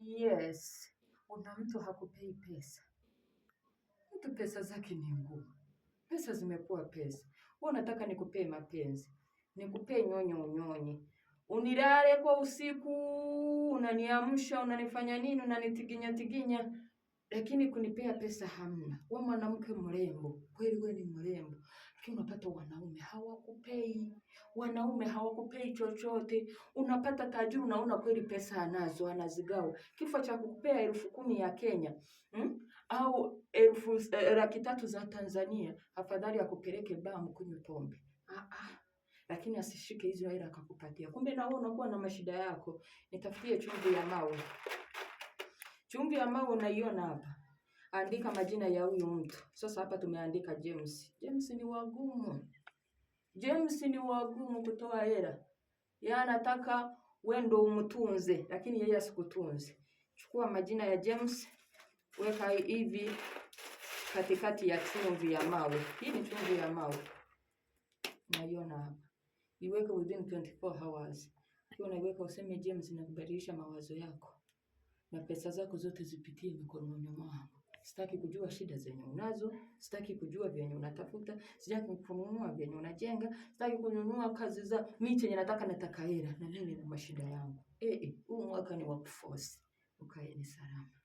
Yes, una mtu hakupei pesa, mtu pesa zake ni ngumu, pesa zimekuwa pesa. Wewe unataka nikupee mapenzi, nikupee nyonyo, unyonye, unilale kwa usiku, unaniamsha, unanifanya nini, unanitiginya tiginya, lakini kunipea pesa hamna. Wewe mwanamke mrembo kweli, wewe ni mrembo, lakini unapata wanaume hawakupei, wanaume hawakupei chochote. Unapata tajiri, unaona kweli pesa anazo, anazigawa. Kifo cha kukupea elfu kumi ya Kenya hmm? au elfu eh, laki tatu za Tanzania, afadhali akupeleke baa mkunywe pombe ah, ah. Lakini asishike hizo hela akakupatia. Kumbe na wewe unakuwa na mashida yako. Nitafutie chumvi ya mawe, chumvi ya mawe unaiona hapa andika majina ya huyu mtu. Sasa hapa tumeandika James. James ni wagumu, James ni wagumu kutoa hela. Yeye anataka wewe ndio umtunze, lakini yeye asikutunze. Chukua majina ya James, weka hivi katikati ya chumvi ya mawe. Hii ni chumvi ya mawe, naiona hapa, iweke within 24 hours. Ukiwa unaiweka useme James, nakubadilisha mawazo yako na pesa zako zote zipitie mikononi mwangu sitaki kujua shida zenye unazo, sitaki kujua vyenye unatafuta, sitaki kununua vyenye unajenga, sitaki kununua kazi za miti yenye nataka, nataka hela na mimi na mashida yangu. Eh, eh, huu mwaka ni wa kuforce, ukaeni salama.